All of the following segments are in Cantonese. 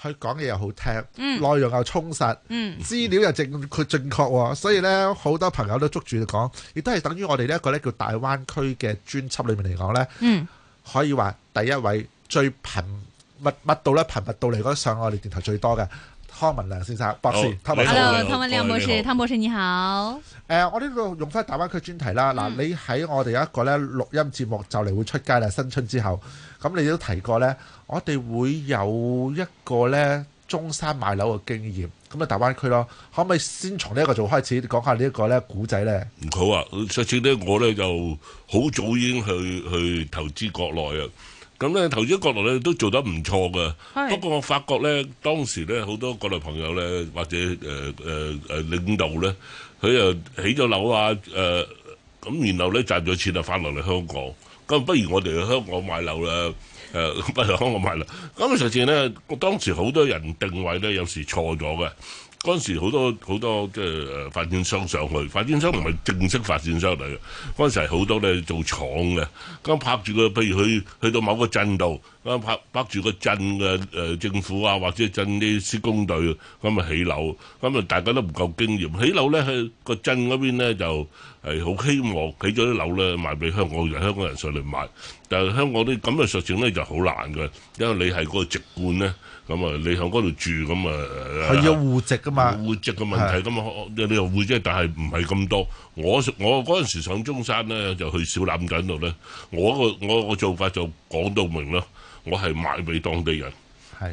佢講嘢又好聽，嗯、內容又充實，嗯、資料又正佢、嗯、正確，所以呢，好多朋友都捉住佢講，亦都係等於我哋呢一個呢叫大灣區嘅專輯裏面嚟講呢，嗯、可以話第一位最頻密密到咧頻密到嚟講上我哋電台最多嘅。湯文亮先生，博士，hello，湯文亮博士，湯博士你好。誒，我呢度用返大灣區專題啦。嗱，你喺我哋有一個咧錄音節目，就嚟會出街啦。新春之後，咁你都提過咧，我哋會有一個咧中山買樓嘅經驗，咁啊大灣區咯，可唔可以先從呢一個做開始講下呢一個咧古仔咧？唔，好啊，上次咧我咧就好早已經去去投資國內啊。咁咧投資國內咧都做得唔錯㗎，不過 Yes. 我發覺咧當時咧好多國內朋友咧或者誒誒誒領導咧，佢又起咗樓啊誒咁、呃，然後咧賺咗錢就返落嚟香港，咁不如我哋去香港買樓啦誒、呃，不如香港買樓。咁實際咧，當時好多人定位咧有時錯咗嘅。嗰陣時好多好多即係發展商上去，發展商唔係正式發展商嚟嘅。嗰陣時係好多咧做廠嘅，咁拍住個，譬如去去到某個鎮度，咁拍拍住個鎮嘅誒政府啊，或者鎮啲施工隊，咁咪起樓，咁咪大家都唔夠經驗。起樓咧，喺個鎮嗰邊咧就係好希望起咗啲樓咧賣俾香港人，香港人上嚟買。但係香港啲咁嘅實踐咧就好難嘅，因為你係個直觀咧。咁啊，你喺嗰度住咁啊，係要戶籍噶嘛？戶籍嘅問題咁啊，你又戶籍，但係唔係咁多。我我嗰陣時上中山咧，就去小欖緊度咧。我個我個做法就講到明咯，我係賣俾當地人，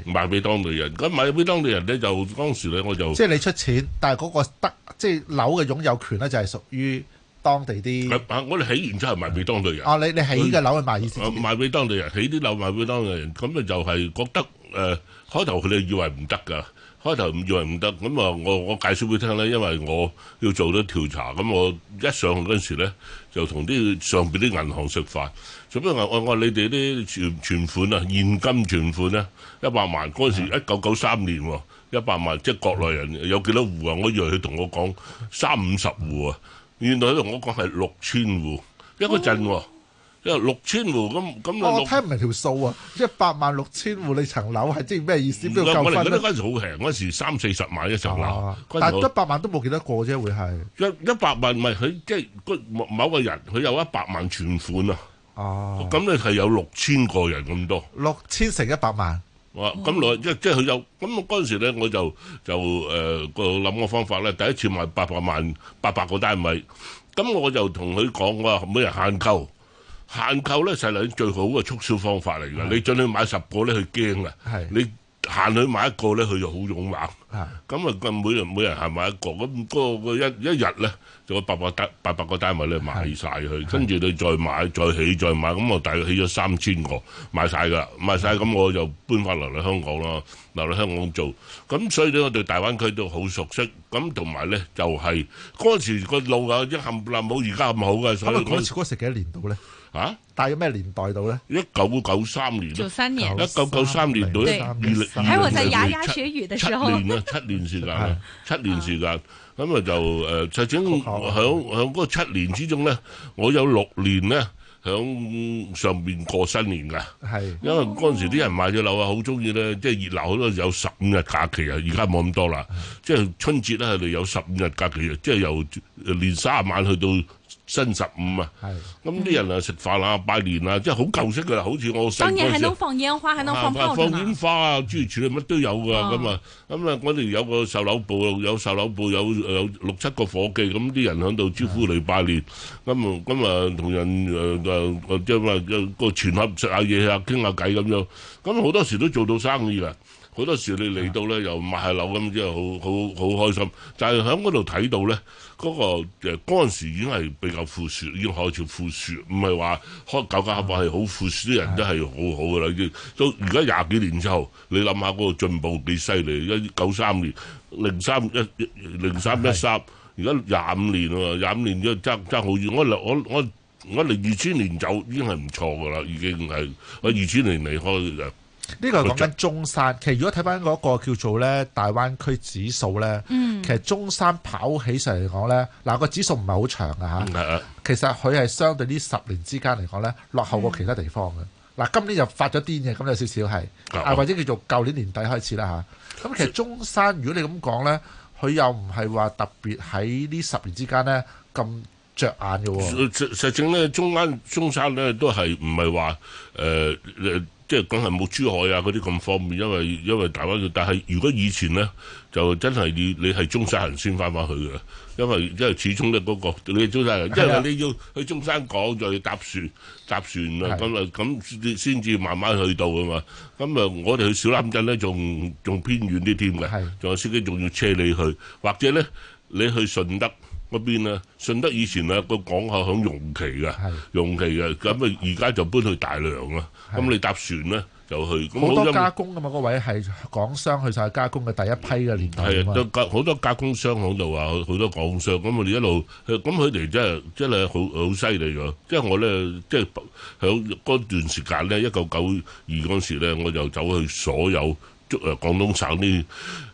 賣俾當地人。咁賣俾當地人咧，就當時咧我就即係你出錢，但係嗰個得即係樓嘅擁有權咧，就係屬於當地啲。係啊，我哋起完之後賣俾當地人。哦，你你起嘅樓係賣俾，賣俾當地人，起啲樓賣俾當地人，咁咪就係覺得。誒開頭佢哋以為唔得噶，開頭唔以為唔得。咁啊我我介紹俾你聽咧，因為我要做啲調查，咁我一上去嗰陣時咧，就同啲上邊啲銀行食飯，咁樣我我話你哋啲存存款啊，現金存款咧一百萬嗰陣時一九九三年一百萬即係國內人有幾多戶啊？我以為佢同我講三五十戶啊，原來佢同我講係六千戶，一個陣、啊嗯即係、哦、六千戶咁咁我聽唔明條數啊！即係八萬六千戶，你層樓係即係咩意思？邊度夠分、啊？嗰時好平，嗰陣時三四十萬一層樓，但係一百萬都冇幾多個啫，會係一一百萬唔係佢即係某某個人佢有一百萬存款啊！哦，咁你係有六千個人咁多，六千乘一百萬哇！咁六、啊、即即係佢有咁嗰陣時咧，我就就誒個諗個方法咧，第一次賣八百萬八百個單位，咁我就同佢講我話每人限購。限購咧，實係最好嘅促銷方法嚟噶。是的 你盡去買十個咧，佢驚噶。是的 你限去買一個咧，佢就好勇猛。咁啊，每每人係買一個，咁嗰個一一日咧，就八百單八百個單位咧買曬佢，跟住你再買再起再買，咁我大約起咗三千個買曬㗎，買曬咁我就搬翻嚟嚟香港咯，留嚟香港做，咁所以咧我對大灣區都好熟悉，咁同埋咧就係嗰陣時個路啊，一冚唪唥冇而家咁好嘅。所以嗰時嗰時幾多年到咧？啊！大約咩年代到咧？一九九三年。九三年。一九九三年到二零零七年。喺我在牙牙學語嘅時候。七年時間，是七年時間，咁啊就誒，就整響響嗰七年之中咧，我有六年咧響上邊過新年㗎。係是，因為嗰陣時啲人買咗樓啊，好中意咧，即係熱鬧好多，有十五日假期啊。而家冇咁多啦，是即係春節咧，係度有十五日假期啊，即係由年卅晚去到。新十五啊，咁啲的、嗯、人飯啊食飯啊拜年啊，即係好舊式噶啦，好似我細個啊，啊，放煙花花啊，諸如此類乜都有噶咁啊，咁、哦、啊我有個售樓部，有售樓部有有六七個伙計，咁啲人喺度招呼嚟拜年，咁、嗯、啊咁啊同人誒誒即係話個全盒食下嘢啊，傾下偈咁樣，咁好、啊啊、多時都做到生意啦。好多時你嚟到咧又買下樓咁樣，好好好開心。就係喺嗰度睇到咧，嗰個誒嗰陣時已經係比較富庶，已經開始富庶，唔係話開九家合夥係好富庶啲人都係好好㗎啦。已經到而家廿幾年之後，你諗下嗰個進步幾犀利？一九三年零三一零三一三，而家廿五年喎，廿五年已經爭爭好遠。我我我我零二千年走已經係唔錯㗎啦，已經係我二千年離開嘅。呢個係講緊中山，其實如果睇翻嗰個叫做咧大灣區指數咧，嗯、其實中山跑起上嚟講咧，嗱、嗰個指數唔係好長嘅嚇，嗯、其實佢係相對呢十年之間嚟講咧，落後過其他地方嘅。嗱、嗯，今年就發咗癲嘅，咁有少少係，啊或者叫做舊年年底開始啦嚇。咁其實中山是如果你咁講咧，佢又唔係話特別喺呢十年之間咧咁着眼嘅喎。實證咧，中間中山咧都係唔係話誒誒。呃呃即係梗係冇珠海啊嗰啲咁方便，因為因為大灣要，但係如果以前咧就真係你你係中山人先翻返去嘅，因為因為始終咧嗰個你係中山人，因為你要去中山港就要搭船搭船啊，咁啊咁先先至慢慢去到啊嘛，咁啊我哋去小欖鎮咧仲仲偏遠啲添嘅，仲有司機仲要車你去，或者咧你去順德。嗰邊咧、啊？順德以前咧、啊、個港口響容奇噶、啊，的容奇噶，咁咪而家就搬去大良啦、啊。咁的你搭船咧就去，好多加工噶嘛，嗰位係港商去晒加工嘅第一批嘅年代。係的，都好多加工商響度啊，好多、啊、多港商。咁我哋一路，咁佢哋真係真係好好犀利㗎。即係我咧，即係響嗰段時間咧，一九九二嗰時咧，我就走去所有。呃、廣東省呢誒、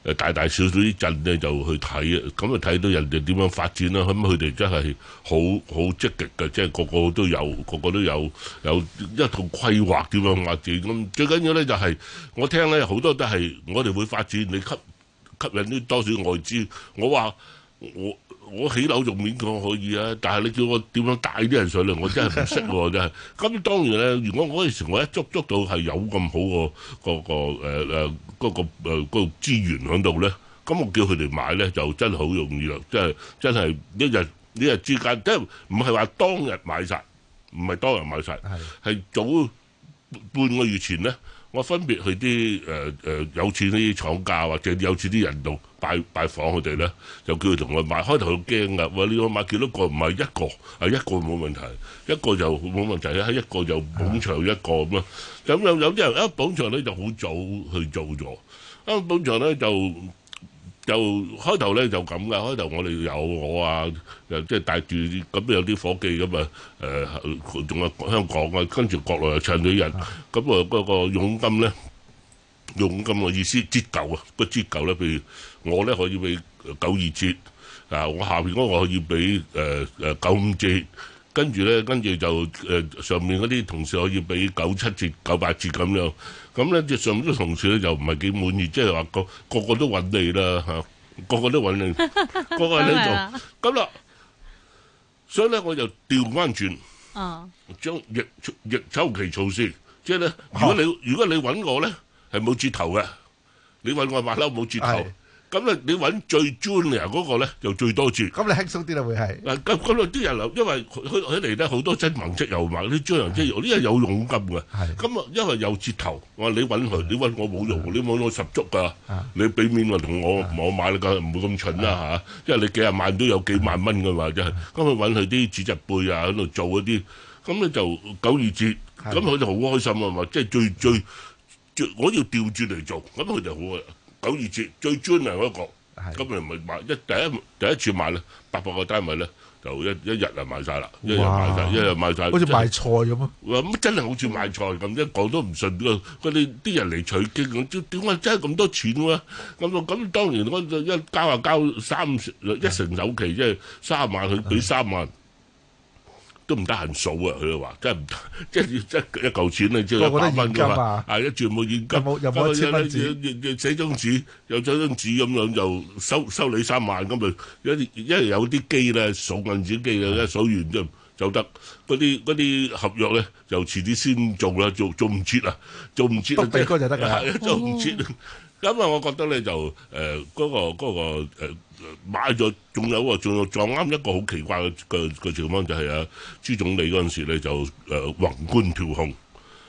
呃、大大小小啲鎮咧就去睇啊，咁啊睇到人哋點樣發展啦。咁佢哋真係好好積極嘅，即係個個都有，個個都有有一套規劃點樣發展。咁、嗯、最緊要咧就係、是、我聽咧好多都係我哋會發展，你吸吸引啲多少外資。我話我，我起樓仲勉強可以啊，但係你叫我點樣帶啲人上嚟，我真係唔識喎，真係。咁當然咧，如果嗰陣時我一捉捉到係有咁好個個個誒誒嗰個誒嗰個資源響度咧，咁我叫佢哋買咧就真係好容易啦，即係真係一日一日之間，即係唔係話當日買曬，唔係當日買曬，係早半個月前咧。我分別去啲誒誒有錢啲廠家或者有錢啲人度拜拜訪佢哋咧，就叫佢同我買。開頭佢驚㗎，哇、哎！你要買幾多個？唔係一個，啊一個冇問題，一個就冇問題啦。一個就捧場一個咁樣。咁有有啲人一捧場咧就好早去做咗，啊捧場咧就。就開頭咧就咁嘅，開頭我哋有我啊，又即係帶住咁有啲夥計咁啊，誒仲有香港啊，跟住國內又長咗人，咁啊嗰個佣金咧，佣金嘅意思折舊啊，個折舊咧，譬如我咧可以俾九二折，啊我下邊嗰個可以俾誒誒九五折，跟住咧跟住就誒上面嗰啲同事可以俾九七折、九八折咁樣。咁咧，即係上面啲同事咧，又唔係幾滿意，即係話個個個都揾你啦，嚇，個個都揾你，個個咧就咁啦。所以咧，我就調翻轉，將逆逆週期措施，即係咧，如果你如果你揾我咧，係冇折頭嘅，你揾我係話撈冇折頭。咁咧，你揾最專嘅人嗰個咧，就最多折。咁你輕鬆啲咯，會係。嗱咁咁啊啲人，因為佢佢嚟咧好多真黃色又賣啲專營色，呢啲係有佣金嘅。係。咁啊，因為有折頭，我話你揾佢，你揾我冇用，你揾我十足㗎。啊。你俾面咪同我我買啦，你唔會咁蠢啦嚇。因為你幾廿萬都有幾萬蚊㗎嘛，即係。咁佢揾佢啲紙質背啊，喺度做嗰啲，咁你就九二折。咁佢就好開心啊嘛，即係最最最，我要調轉嚟做，咁佢就好啊。九二折最專係嗰一個，今日咪買一第一第一次買咧，八百個單位咧就一一日啊賣曬啦，一日賣晒哇，一日賣晒。好似賣菜咁啊！咁真係好似賣菜咁，一講都唔信，個嗰啲啲人嚟取經咁，點解真係咁多錢嘅？咁就咁當然我一交啊，交三成一成首期，的即係三萬，佢俾三萬。都唔得閒數啊！佢話真係唔得，即係一一嚿錢咧，即係百蚊噶嘛，係一注冇現金，寫寫一張紙，又寫張紙咁樣就收收你三萬咁，咪因為有啲機咧，數銀紙機咧，一數完啫就得。嗰啲嗰啲合約咧，就遲啲先做啦，做做唔切啊，做唔切啊，得鼻哥就得㗎，做唔切。咁啊，我覺得咧就誒嗰個嗰個誒。買咗，仲有啊，仲有撞啱一個好奇怪嘅嘅嘅情況，就係啊，朱總理嗰陣時咧就誒、呃、宏觀調控，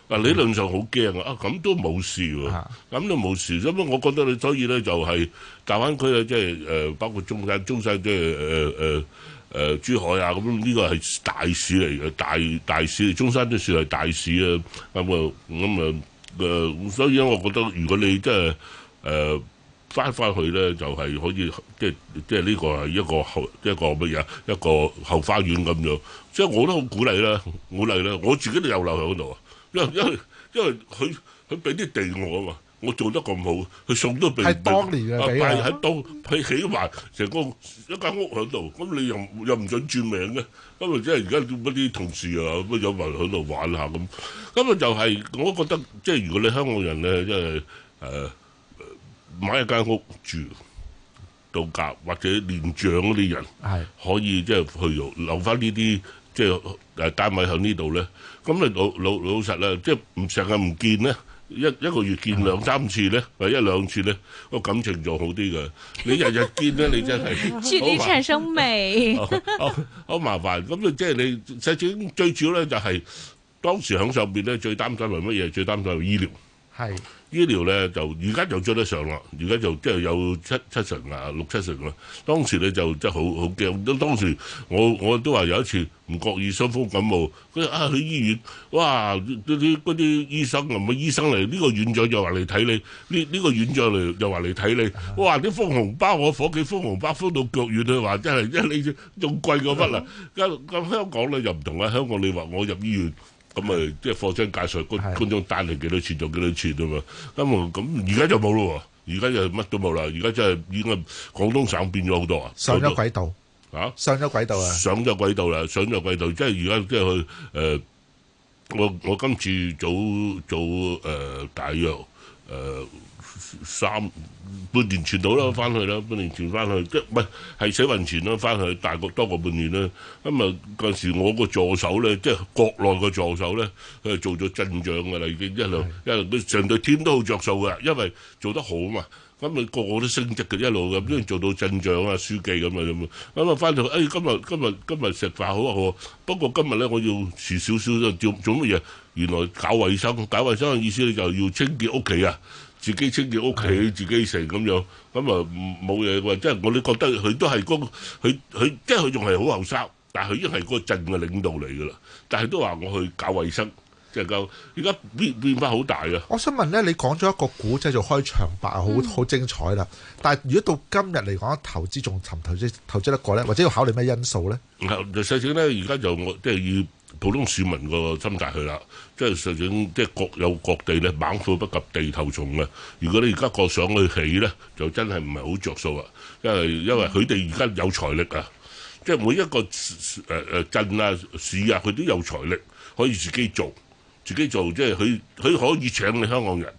嗱、嗯、理論上好驚啊，啊咁都冇事喎，咁都冇事，咁啊，我覺得你所以咧就係、是、大灣區啊、就是，即係誒包括中山、中山即係誒誒誒珠海啊，咁呢個係大市嚟嘅，大大市，中山都算係大市啊，咁啊咁啊誒，所以咧，我覺得如果你即係誒。呃呃翻翻去咧就係可以，即即係呢個係一個後，一個乜嘢，一個後花園咁樣。即係我都好鼓勵啦，鼓勵啦，我自己都有留喺嗰度啊。因為因為因為佢佢俾啲地我啊嘛，我做得咁好，佢送都俾唔到。係當年嘅喺度，係、嗯、起埋成個一間屋喺度，咁你又又唔準轉名嘅。咁啊，即係而家啲同事啊，有埋喺度玩下咁。咁啊、就是，就係我覺得，即係如果你香港人咧，即係誒。呃買一間屋住，度假或者年長嗰啲人，可以即係去留留翻呢啲即係誒單位喺呢度咧。咁你老老老實啦，即係唔成日唔見咧，一一個月見兩三次咧，或一兩次咧，個感情仲好啲嘅。你日日見咧，你真係好麻煩。距離產生美，好麻煩。咁啊，即係你最最最主要咧，就係當時響上邊咧，最擔心係乜嘢？最擔心係醫療。係。醫療咧就而家就追得上啦，而家就即係有七七成啊，六七成啦。當時咧就真係好好驚，都當時我我都話有一次唔覺意傷風感冒，佢啊去醫院，哇！啲啲嗰啲醫生啊乜醫生嚟？呢個院長又話嚟睇你，呢呢個院長嚟又話嚟睇你，哇！啲封紅包我伙計封紅包，封到腳軟啊！話真係即係你仲貴過乜啦？咁香港咧又唔同啦，香港你話我入醫院。咁咪即係貨車介紹觀觀眾帶嚟幾多錢，多錢就幾多錢啊嘛，咁咁而家就冇咯喎，而家就乜都冇啦，而家真係已經係廣東省變咗好多啊，上咗軌道啊，上咗軌道啊，上咗軌道啦，上咗軌道，即係而家即係去誒、呃，我我今次早早誒，大約誒。呃三半年前到啦，翻去啦，半年前翻去，即係唔係係死運前咯，翻去大概多過半年啦。咁啊，嗰陣時我個助手咧，即係國內個助手咧，佢做咗鎮長噶啦，已經一路一路成隊天都好着數噶，因為做得好嘛。咁啊，個個都升職嘅一路咁，當然做到鎮長啦，書記咁啊咁啊。咁啊，翻到哎，今日今日今日食飯好啊好啊。不過今日咧，我要遲少少啦，做做乜嘢？原來搞衛生，搞衛生嘅意思咧，就要清潔屋企啊。自己清潔屋企，的自己食咁樣，咁啊冇嘢喎。即、就、係、是、我都覺得佢都係嗰、那個，佢佢即係佢仲係好後生，但佢已經係個鎮嘅領導嚟㗎啦。但係都話我去搞衞生，即能夠而家變變化好大㗎。我想問咧，你講咗一個古仔做開場白，好好、嗯、精彩啦。但係如果到今日嚟講，投資仲尋投資投資得過咧，或者要考慮咩因素咧？啊，最少咧，而家就我即係要。普通市民個心態去啦，即係實證，即係各有各地咧，猛虎不及地頭蟲啊！如果你而家過上去起咧，就真係唔係好着數啊！因為因為佢哋而家有財力啊，即係每一個誒誒、呃、鎮啊市啊，佢都有財力可以自己做，自己做，即係佢佢可以請你香港人，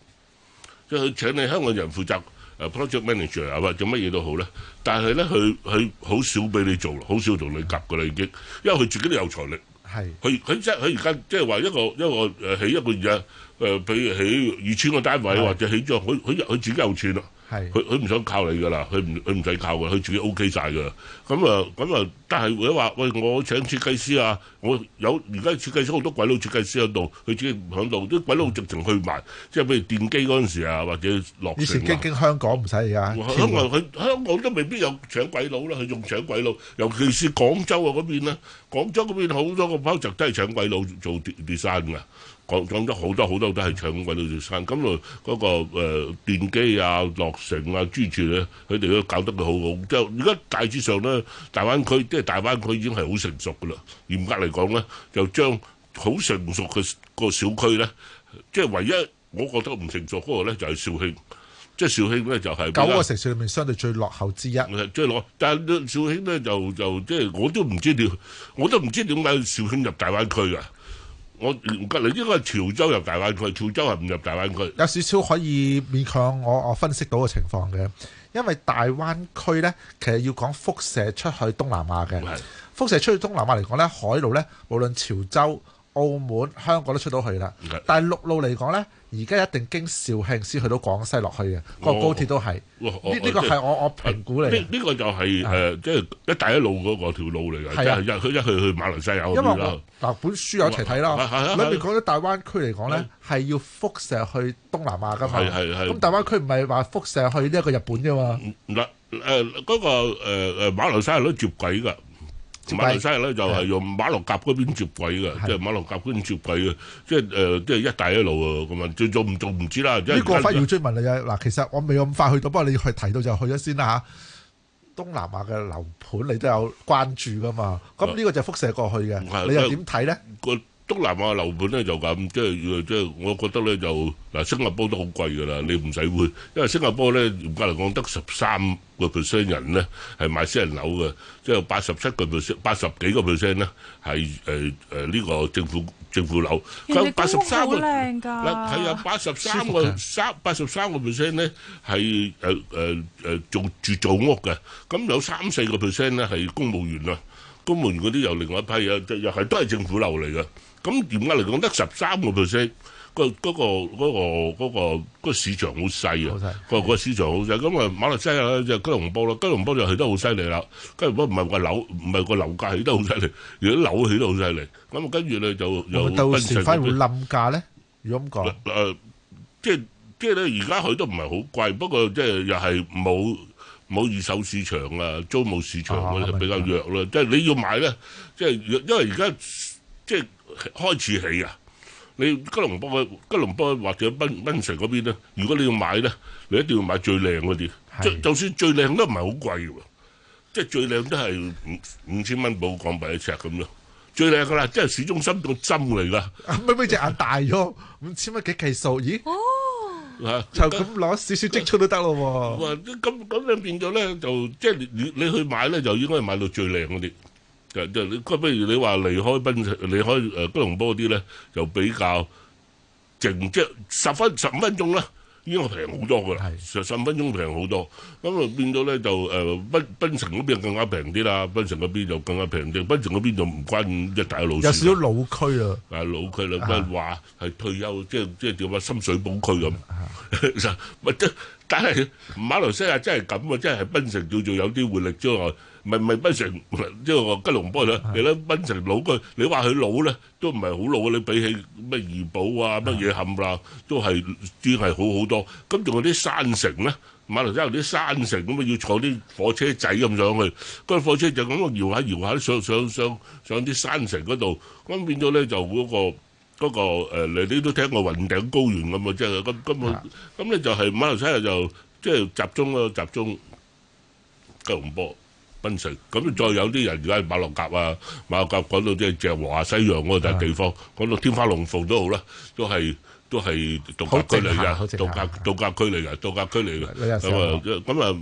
即係佢請你香港人負責、呃、project manager 啊，或者做乜嘢都好咧。但係咧，佢佢好少俾你做，好少同你夾噶啦已經，因為佢自己都有財力。係，佢佢即係佢而家即係話一個一個誒起一個嘢誒，比如起二千個單位或者起咗，佢佢佢自己有錢啦。係，佢佢唔想靠你㗎啦，佢唔佢唔使靠㗎，佢自己 O K 曬㗎。咁啊咁啊，但係佢話：喂，我請設計師啊，我有而家設計師好多鬼佬設計師喺度，佢自己唔喺度，啲鬼佬直情去埋，即係譬如電機嗰陣時啊，或者落、啊、以前經經香港唔使㗎，因為佢香港都未必有請鬼佬啦，佢仲請鬼佬，尤其是廣州啊嗰邊啦，廣州嗰邊好多個 project 都係請鬼佬做 design 㗎。講講咗好多好多都係搶鬼到條山，咁落嗰個誒電機啊、洛城啊、珠柱咧，佢哋都搞得佢好好。即係而家大致上咧，大灣區即係大灣區已經係好成熟㗎喇。嚴格嚟講咧，就將好成熟嘅個小區咧，即係唯一我覺得唔成熟嗰個咧就係肇慶，即係肇慶咧就係九個城市裡面相對最落後之一。即係落，但係肇慶咧就就即係我都唔知點，我都唔知點解肇慶入大灣區㗎。我隔離應該係潮州入大灣區，潮州係唔入大灣區。有少少可以勉強我我分析到嘅情況嘅，因為大灣區呢，其實要講輻射出去東南亞嘅，的輻射出去東南亞嚟講呢，海路呢，無論潮州。澳門、香港都出到去啦，但係陸路嚟講咧，而家一定經肇慶先去到廣西落去嘅，個高鐵都係呢呢個係我我評估嚟。呢呢個就係誒，即係一帶一路嗰個條路嚟嘅，即係佢一去去馬來西亞嗰邊。嗱，本書有齊睇啦。裏面講咗大灣區嚟講咧，係要輻射去東南亞噶嘛。咁大灣區唔係話輻射去呢一個日本噶嘛？嗱，誒嗰個誒誒馬來西亞都接軌噶。馬來西亞咧就係用馬六甲嗰邊接軌嘅，即係的馬六甲嗰邊接軌嘅，即係誒，即係一帶一路啊。咁啊，最做唔做唔知啦。呢個要追問你啊！嗱，其實我未咁快去到，不過你要去提到就去咗先啦吓，東南亞嘅樓盤你都有關注噶嘛？咁呢個就輻射過去嘅，的你又點睇咧？東南亞嘅樓盤咧就咁，即係即係，我覺得咧就嗱，新加坡都好貴噶啦，你唔使換，因為新加坡咧嚴格嚟講得十三個 percent 人咧係買私人樓嘅。即係八十七個 percent，八十幾個 percent 咧係誒誒呢個政府政府樓。人哋公屋好靚㗎。係啊，八十三個三，八十三個 percent 咧係誒誒誒做住組屋嘅，咁有三四個 percent 咧係公務員啦。公門嗰啲又另外一批啊，即係又係都係政府樓嚟嘅。咁點解嚟講得十三個 percent？個嗰個嗰個嗰個個市場好細啊，個個市場好細。咁啊，馬來西亞咧就吉隆坡咯，吉隆坡就起得好犀利啦。吉隆坡唔係個樓，唔係個樓價起得好犀利，而係樓起得好犀利。咁啊，跟住咧就有。到時反而會冧價咧？如果咁講，誒，即係即係咧，而家佢都唔係好貴，不過即係又係冇。冇二手市場啊，租務市場嗰啲就比較弱啦。即係你要買咧，即係因為而家即係開始起啊。你吉隆坡吉隆坡或者檳檳城嗰邊咧，如果你要買咧，你一定要買最靚嗰啲。就就算最靚都唔係好貴喎，即係最靚都係五五千蚊保港幣一尺咁咯。最靚嘅啦，即係市中心個針嚟㗎。乜乜隻眼大咗？五千蚊幾計數？咦？就咁攞少少積蓄都得咯喎，咁咁咁咧變咗咧就即係你你去買咧就應該買到最靚嗰啲，即係你不如你話離開賓，離開誒吉隆坡啲咧就比較靜，即係十分十五分鐘啦。已經平好多㗎啦，十分鐘平好多，咁啊變到咧就誒、呃，檳檳城嗰邊更加平啲啦，檳城嗰邊就更加平啲，檳城嗰邊就唔關咁一大路。有少少老區,老區啊，係老區啦，咩話係退休，即係即係點啊？深水埗區咁，其即、啊，啊、 但係馬來西亞真係咁啊，即係係檳城叫做有啲活力之外。唔係唔係，檳城即係話吉隆坡啦，你咧檳城老嘅，你話佢老咧都唔係好老啊！你比起乜怡保啊、乜嘢冚啦，都係算係好好多。咁仲有啲山城咧，馬來西亞有啲山城，咁啊要坐啲火車仔咁上去，嗰個火車就咁啊搖下搖下上上上上啲山城嗰度，咁變咗咧就嗰個嗰個誒，你你都聽過雲頂高原咁啊，即係咁咁啊咁咧就係馬來西亞就即係集中咯，集中吉隆坡。檳城咁，再有啲人而家係馬六甲啊，馬六甲講到即係鄭和下西洋嗰個就地方，講到天花龍鳳都好啦，都係都係度假區嚟噶，度假度假區嚟噶，度假區嚟噶。咁啊咁啊，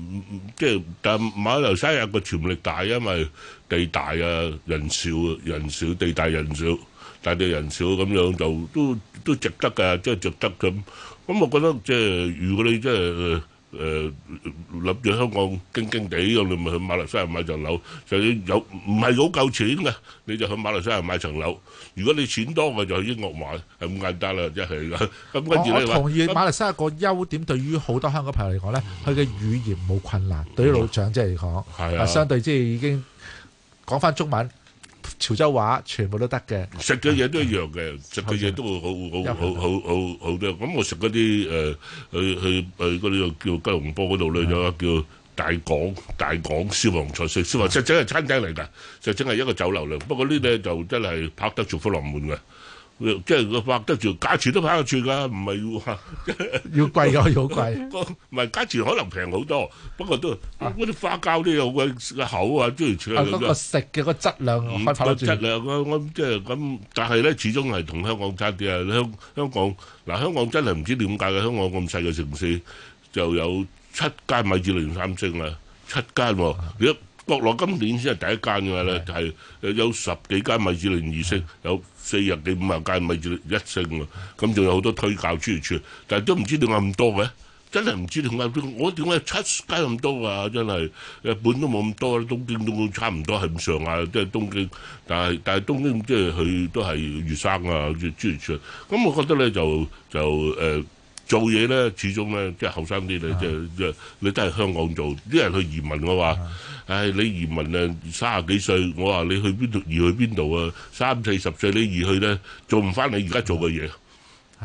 即係但馬來西亞個潛力大，因為地大啊，人少，人少地大人少，但係人少咁樣就都都值得嘅，即係值得咁。咁我覺得即係如果你即係。誒諗住香港驚驚地，咁你咪去馬來西亞買層樓。就有唔係好夠錢嘅，你就去馬來西亞買層樓。如果你錢多，咪就去英國買，係咁簡單啦，即係啦。咁跟住咧，我我同意馬來西亞個優點對於好多香港朋友嚟講咧，佢嘅語言冇困難。對於老長者嚟講，係啊，相對即係已經講翻中文。潮州話全部都得嘅，食嘅嘢都一樣嘅， 食嘅嘢都會好好好好好好多。咁、嗯、我食嗰啲誒，去去去嗰度叫吉隆坡嗰度咧，有個的叫大港大港消防菜式。消防就整係餐廳嚟㗎，就整係一個酒樓嚟。不過呢啲的就真係拍得住福臨門嘅。即係佢拍得住，價錢都拍得住㗎，唔係要要貴嘅，要好貴。個唔係價錢可能平好多，不過都嗰啲花膠啲嘢好貴嘅口啊，即係全部。嗰個食嘅個質量都拍得住。個質量我我即係咁，但係咧始終係同香港差啲啊！香香港嗱，香港真係唔知點解嘅，香港咁細嘅城市就有七間米芝蓮三星啊，七間喎，如果。國內今年先係第一間嘅話咧，係的有十幾間米芝蓮二星，的有四十幾五十間米芝蓮一星喎。咁仲的有好多推介諸如此類，但係都唔知點解咁多嘅，真係唔知點解。我點解七家咁多啊？真係日本都冇咁多，東京都差唔多係咁上啊，即係東京。但係但係東京即係佢都係魚生啊，諸如此類。咁我覺得咧就就誒。呃做嘢咧，始終咧即係後生啲咧，即係即係你都係香港做，啲人去移民我話，唉的、哎，你移民咧三十幾歲，我話你去邊度移去邊度啊？三四十歲你移去咧，做唔翻你而家做嘅嘢。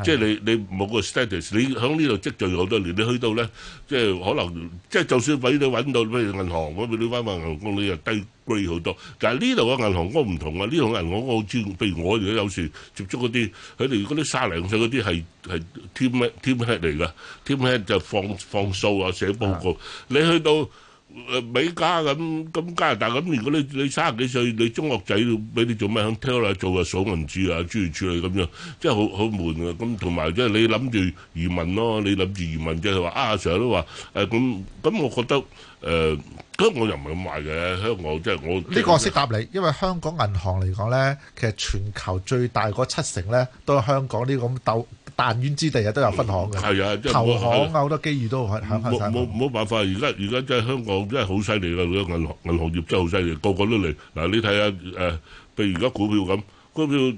即係你你冇個 status，你喺呢度積聚好多年，你去到咧，即係可能即係就算畀你揾到譬如銀行嗰邊啲翻份銀行工，你又低 grade 好多。但係呢度嘅銀行工唔同啊，呢度嘅銀行我好知，譬如我而家有時接觸嗰啲，佢哋嗰啲卅零歲嗰啲係係 team head 嚟㗎，team head, team head 就放放數啊寫報告，的你去到。誒美加咁咁加拿大咁，如果你你卅幾歲，你中學仔要俾你做咩？喺 tell 啊做啊數銀紙啊，諸如此類咁樣，即係好好悶啊！咁同埋即係你諗住移民咯，你諗住移民即係話啊，成日都話誒咁，咁我覺得誒，香港又唔係咁壞嘅，香港即係我呢個我識答你，因為香港銀行嚟講咧，其實全球最大嗰七成咧都係香港呢個咁鬥。但遠之地啊，都有分行嘅，投行啊，好多機遇都喺喺分散。冇冇冇辦法，而家而家真係香港真係好犀利啦！如果銀行銀行業真係好犀利，個個都嚟嗱。你睇下誒，譬、呃、如而家股票咁，股票誒誒，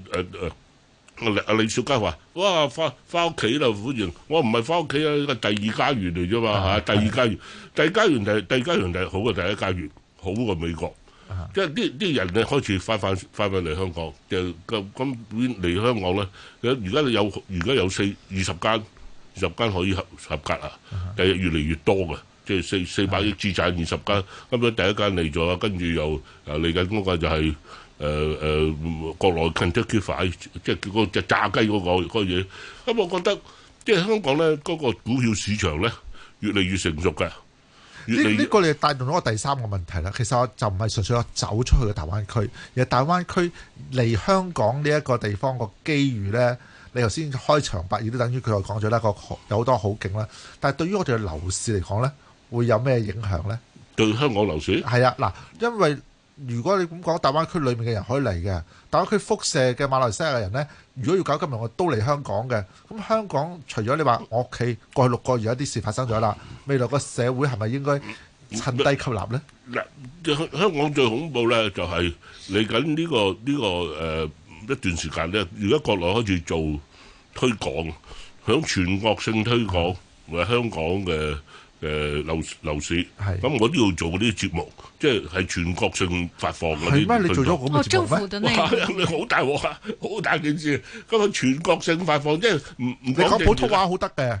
阿、呃呃、李少佳話：，哇，翻翻屋企啦，股員，我唔係翻屋企啊，第二家園嚟啫嘛嚇，啊、第二家園，啊、第二家園第第二家園第好過第一家園，好過美國。即係啲啲人咧開始翻返翻返嚟香港，就咁咁嚟香港咧，而家有而家有四二十間，二十間可以合合格啊！第日、嗯、越嚟越多嘅，即係四四百億資產二十間，咁樣第一間嚟咗，跟住又嚟緊嗰個就係誒誒國內 c o n t 即係叫個炸雞嗰、那個嘢。咁、那個那個、我覺得即係香港咧嗰、那個股票市場咧越嚟越成熟嘅。呢呢你個你帶動咗個第三個問題啦，其實我就唔係純粹我走出去嘅大灣區，而係大灣區嚟香港呢一個地方個機遇呢，你頭先開場白亦都等於佢講咗呢個有好多好景啦。但係對於我哋嘅樓市嚟講呢，會有咩影響呢？對香港樓市係啊，嗱，因為。如果你咁講，大灣區裡面嘅人可以嚟嘅，大灣區輻射嘅馬來西亞嘅人呢，如果要搞金融，我都嚟香港嘅。咁香港除咗你話我屋企過去六個月有啲事發生咗啦，未來個社會係咪應該趁低吸納呢？嗱，香港最恐怖呢就係嚟緊呢個呢個誒一段時間呢，而家國內開始做推廣，響全國性推廣，或者香港嘅。誒、呃、樓樓市，咁是我都要做嗰啲節目，即係係全國性發放嗰啲。係咩？你做咗嗰個節目咩？哦、政府哇！你好大鑊啊，好大件事。咁、那、佢、個、全國性發放，即係唔唔講普通話好得嘅。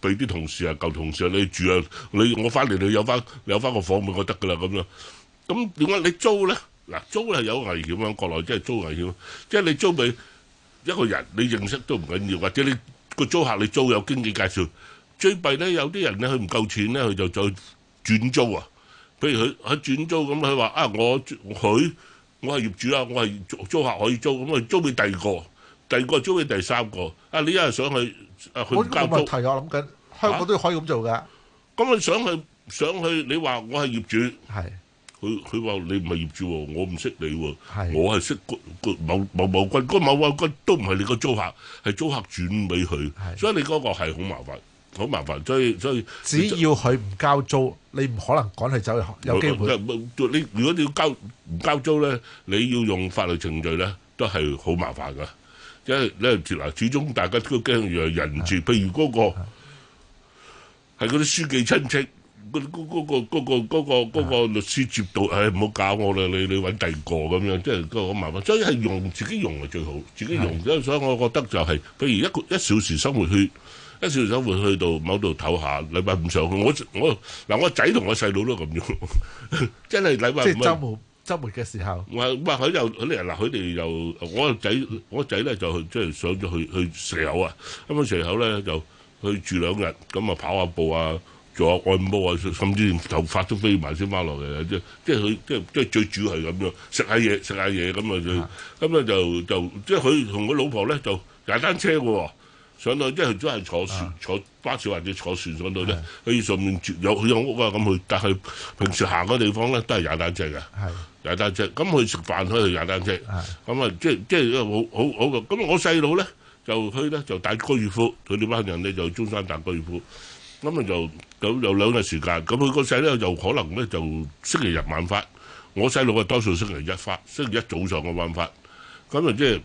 俾啲同事啊，舊同事啊，你住啊，你我翻嚟你有翻有翻個房咪我得噶啦咁樣。咁點解你租咧？嗱，租係有危險㗎，國內真係租危險。即係你租俾一個人，你認識都唔緊要，或者你個租客你租有經紀介紹。最弊咧，有啲人咧佢唔夠錢咧，佢就再轉租啊。譬如佢佢轉租咁，佢話啊，我佢我係業主啊，我係租客可以租，咁咪租俾第二個。第二個租俾第三個，啊你一係想去啊去交租？我個問題我諗緊，香港都可以咁做㗎。咁你想去想去，你話我係業主，係佢佢話你唔係業主喎，我唔識你喎，我係識個個某某某君，個某某君都唔係你個租客，係租客轉俾佢，所以你嗰個係好麻煩，好麻煩。所以所以只要佢唔交租，你唔可能趕佢走，有機會。你如果你要交唔交租咧，你要用法律程序咧，都係好麻煩㗎。即係咧，嗱，始終大家都驚，有人住。譬如嗰個係嗰啲書記親戚，嗰嗰嗰個嗰個嗰個嗰個律師接到，誒，唔好搞我啦，你你揾第二個咁樣，即係都好麻煩。所以係用自己用係最好，自己用。所以所以，我覺得就係，譬如一個一小時生活圈，一小時生活去到某度唞下，禮拜五上去，我我嗱，我仔同我細佬都咁用，真係禮拜五。周末嘅時候，我唔係佢又嗰啲嗱佢哋又我個仔，我個仔咧就即係上咗去去蛇口啊，咁樣蛇口咧就去住兩日，咁啊跑下步啊，做下按摩啊，甚至頭髮都飛埋先翻落嚟，即即係佢即係即係最主要係咁樣，食下嘢食下嘢咁啊就，咁啊就就即係佢同佢老婆咧就踩單車嘅。上到即係佢都係坐船坐巴士或者坐船上到咧，佢、啊、上、上面住有有屋啊，咁佢但係平時行嘅地方咧都係踩單車嘅，踩是單車。咁佢食飯佢去踩單車。咁啊是、嗯、即係即係好好好嘅。咁我細佬咧就去咧就打高爾夫。佢呢班人咧就中山打高爾夫。咁啊就有有兩日時間。咁佢個細咧就可能咧就星期日晚發。我細佬啊多數星期一發，星期一早上嘅晚發。咁啊即係。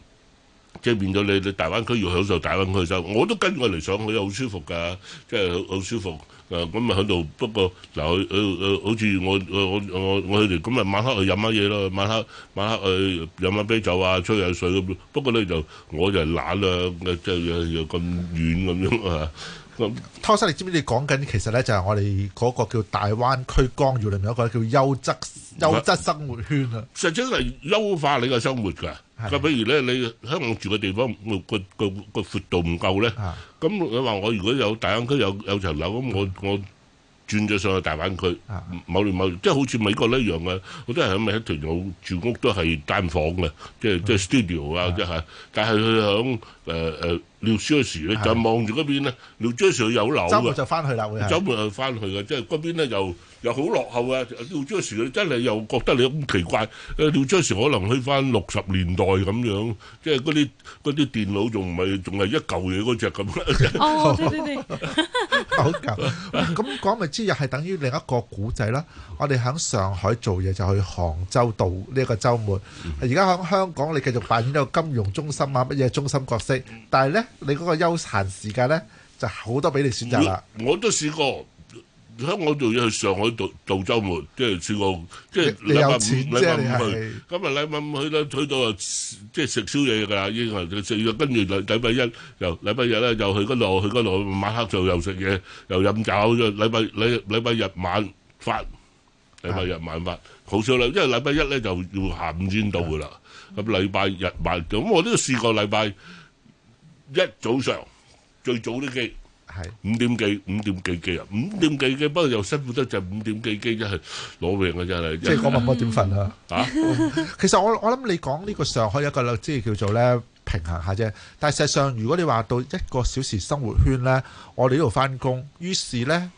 即係變咗你，你大灣區要享受大灣區質，我都跟佢嚟上去，我都好舒服㗎，即係好舒服。誒咁咪喺度，不過嗱、呃呃，好似我我我我哋咁咪晚黑去飲下嘢咯，晚黑晚黑去飲下啤酒啊，吹下水咁。不過咧就我就懶、呃、啊，即係又咁遠咁樣啊。咁、嗯，湯生，你知唔知你講緊其實咧就係我哋嗰個叫大灣區光耀裏面有一個叫優質優質生活圈啊。實際係優化你個生活㗎。咁譬如咧，你香港住嘅地方個個個闊度唔夠咧，咁你話我如果有大灣區有有層樓，咁我我轉咗上去大灣區，某年某即係好似美國一樣嘅，好多人都咪一條路住屋都係單房嘅，即係即係 studio 啊，即係，但係佢響誒誒紐約市咧就望住嗰邊咧，紐約市有樓。週末就翻去啦，會係。週末去翻去嘅，即係嗰邊咧就。又好落後啊！聊將時真係又覺得你咁奇怪。誒，聊將時可能去返六十年代咁樣，即係嗰啲嗰啲電腦仲唔係，仲係一嚿嘢嗰隻咁。哦，啲啲啲，好舊。咁講咪知又係等於另一個古仔啦。我哋喺上海做嘢就去杭州度呢一個週末。而家喺香港，你繼續扮演一個金融中心啊，乜嘢中心角色。但係咧，你嗰個悠閒時間咧就好多俾你選擇啦。我都試過。香港仲要去上海度度週末，即係試過，即係禮拜五禮拜五去，今日禮拜五去到去到啊，即係食宵夜㗎啦，應該食咗。跟住禮禮拜一又禮拜日咧，又去嗰度去嗰度，晚黑就又食嘢又飲酒。禮拜禮禮拜日晚飯，禮拜日晚飯好少啦，因為禮拜一咧就要下午先到噶啦。咁禮拜日晚，咁我都試過禮拜一早上最早啲機。係五點幾，五點幾幾啊？五點幾幾，不過又辛苦得就五點幾幾，真係攞命啊！真係即係我問我點瞓啊？啊，其實我我諗你講呢個上海一個即係叫做咧平衡下啫。但係實際上如果你話到一個小時生活圈咧，我哋呢度翻工，於是咧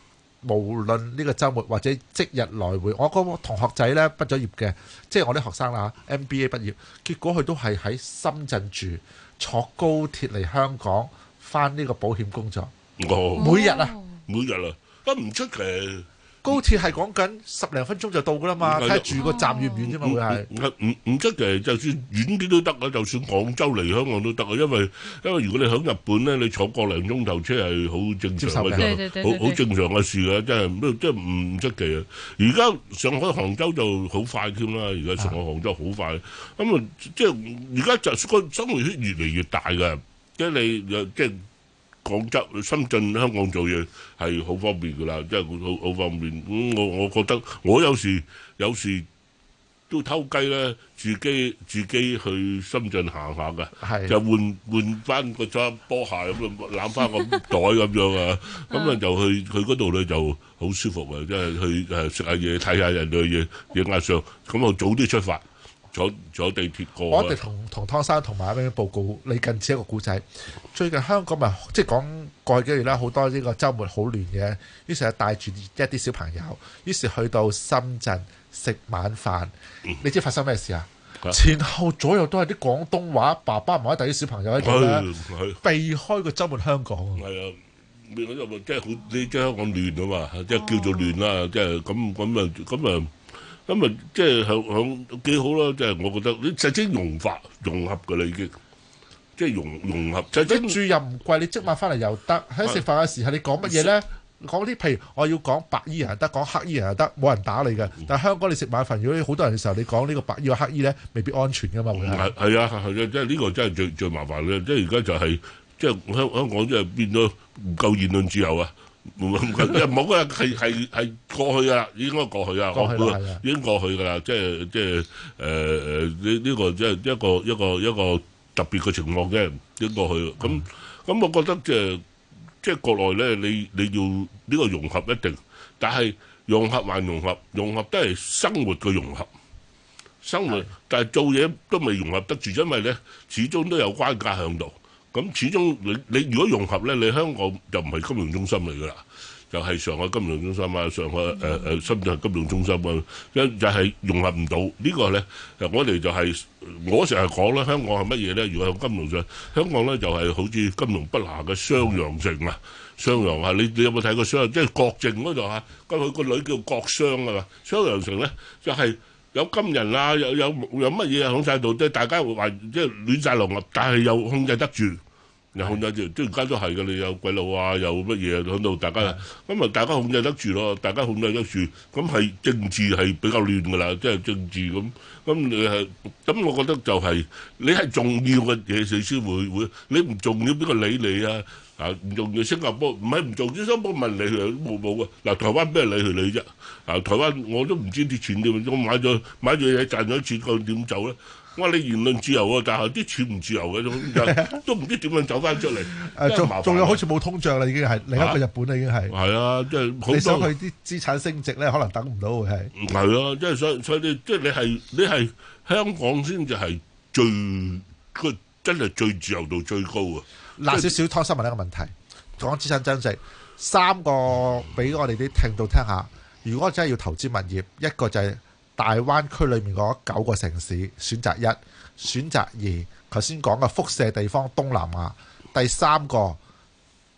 無論呢個周末或者即日來回，我個同學仔咧畢咗業嘅，即係我啲學生啦，M B A 畢業，結果佢都係喺深圳住，坐高鐵嚟香港翻呢個保險工作。每日啊，每日啦，咁唔出奇。高鐵係講緊十零分鐘就到噶啦嘛，睇下住個站遠唔遠啫嘛，會係唔唔唔出奇，就算遠啲都得啊，就算廣州嚟香港都得啊，因為因為如果你喺日本咧，你坐個零鐘頭車係好正常嘅，好好正常嘅事嘅，即係真係即係唔出奇啊。而家上海杭州就好快添啦，而家上海杭州好快，咁啊即係而家就個生活圈越嚟越大嘅，即係你即係。廣州、深圳、香港做嘢係好方便噶啦，即係好好方便。咁、嗯、我我覺得我有時有時都偷雞咧，自己自己去深圳行下嘅，就換換翻個左波鞋咁，攬翻個袋咁樣啊，咁啊就去去嗰度咧就好舒服嘅，即係去誒食下嘢、睇下人哋嘅嘢影下相，咁啊早啲出發。坐坐地鐵過啊！我哋同同湯生同埋咩報告？你近似一個故仔。最近香港咪即係講過去幾個月咧，好多呢個週末好亂嘅。於是帶住一啲小朋友，於是去到深圳食晚飯。你知發生咩事啊？前後左右都係啲廣東話，爸爸媽媽帶啲小朋友喺度咧，避開個週末香港。係啊，你嗰陣即係好，你即係香港亂啊嘛，即係叫做亂啦，即係咁咁啊咁啊。咁咪、嗯嗯嗯、即係向向幾好咯？即係我覺得你實際融法融合嘅啦，已經即係融融合。即住又唔貴，你即埋翻嚟又得。喺食、啊、飯嘅時候，你講乜嘢咧？講啲、啊、譬如我要講白衣人又得，講黑衣人又得，冇人打你嘅。但係香港你食埋一份，如果好多人嘅時候，你講呢個白衣或黑衣咧，未必安全嘅嘛會係。啊係啊，即係呢個真係最最麻煩嘅，即係而家就係、而家就係、即係香香港即係變咗唔夠言論自由啊！冇冇嘅，冇嘅係係係過去啊，應該過去啊，已經過去㗎啦，即係即係誒誒呢呢個即係一個一個一個特別嘅情況嘅，已經過去。咁咁我覺得即係即係國內咧，你你要呢個融合一定，但係融合還融合，融合都係生活嘅融合，生活但係做嘢都未融合得住，因為咧始終都有關卡喺度。咁始終你你如果融合咧，你香港就唔係金融中心嚟噶啦，就係上海金融中心啊，上海誒誒深圳金融中心啊，一就係融合唔到呢個咧。我哋就係我成日講咧，香港係乜嘢咧？如果金融上，香港咧就係好似金融不拿嘅襄陽城啊，襄陽啊！你你有冇睇過襄陽？即係郭靖嗰度嚇，佢個女叫郭襄啊嘛。襄陽城咧就係有金人啊，有有有乜嘢喺曬度，即係大家會話即係亂曬龍，但係又控制得住。又控制住，即而家都係嘅。你有鬼佬啊，有乜嘢響度？大家咁啊，大家控制得住咯。大家控制得住，咁係政治係比較亂㗎啦。即係政治咁，咁你係，咁我覺得就係你係重要嘅嘢，死先會會。你唔重要，邊個理你啊？啊，唔重要，新加坡唔係唔重要，新加坡唔理佢都冇冇嘅。嗱，台灣邊個理佢你啫？啊，台灣我都唔知啲錢點，我買咗買咗嘢賺咗錢，佢點走咧？哇，你言論自由啊，但係啲錢唔自由嘅， 都唔知點樣走翻出嚟。仲仲、 啊啊、有好似冇通脹啦，已經係另一個日本啦，已經係。係啊，即係好想佢啲資產升值咧，可能等唔到佢係。係啊，即係所所以、所以、就是、你即係你係你係香港先至係最個真係最自由度最高啊！嗱、就是，少少湯新聞一個問題，講資產增值三個俾我哋啲聽到聽下。如果真係要投資物業，一個就係、是。大灣區裏面嗰九個城市，選擇一、選擇二，頭先講嘅輻射地方東南亞，第三個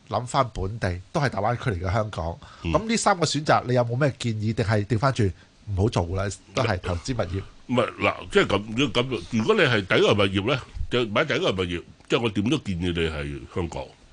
諗翻本地都係大灣區嚟嘅香港。咁呢三個選擇，你有冇咩建議？定係調翻轉唔好做啦，都係投資物業。唔係嗱，即係咁，如果咁，如果你係第一個物業呢，就買第一個物業，即係我點都建議你係香港。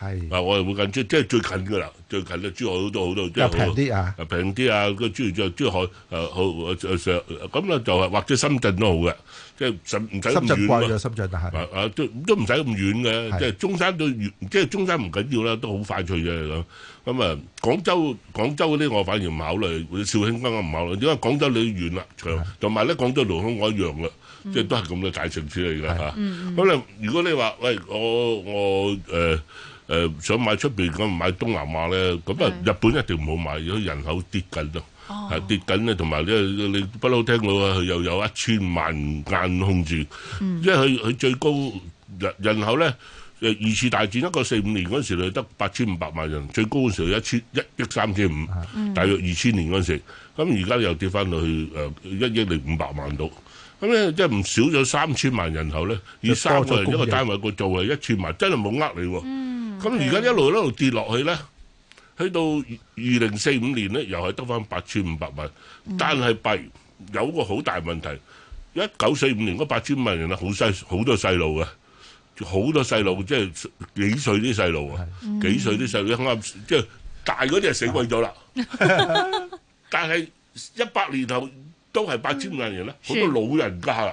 係，嗱我哋會近，即即係最近㗎啦，最近嘅珠海好多好多，即係平啲啊，平啲啊，咁珠海珠海誒好上，咁咧就或者深圳都好嘅，即係唔使深圳貴，深圳都唔使咁遠嘅，即係中山都即係中山唔緊要啦，都好快脆嘅咁。咁啊，廣州廣州嗰啲我反而唔考慮，肇慶更我唔考慮，因為廣州你遠啦長，同埋咧廣州同香港一樣啦，即係都係咁嘅大城市嚟嘅。嚇。咁你如果你話喂我我誒？誒想買出邊咁買東南亞咧？咁啊日本一定唔好買，因為人口跌緊咯，係跌緊咧。同埋咧，你不嬲聽到佢又有一千萬間空住，即係佢佢最高人人口咧誒二次大戰一個四五年嗰時，佢得八千五百萬人，最高嘅時候一千一億三千五，大約二千年嗰時，咁而家又跌翻落去誒一億零五百萬度。咁咧即係唔少咗三千萬人口咧，以三個人一個單位個做係一千萬，真係冇呃你喎。咁而家一路一路跌落去咧，去到二零四五年咧，又係得返八千五百萬，但係弊有個好大問題。一九四五年嗰八千萬人啊，好細好多細路嘅，好多細路即係幾歲啲細路啊？幾歲啲細路肯啱？即係大嗰啲係，死鬼咗啦！但係一百年後都係八千萬人咧，好多老人家㗎。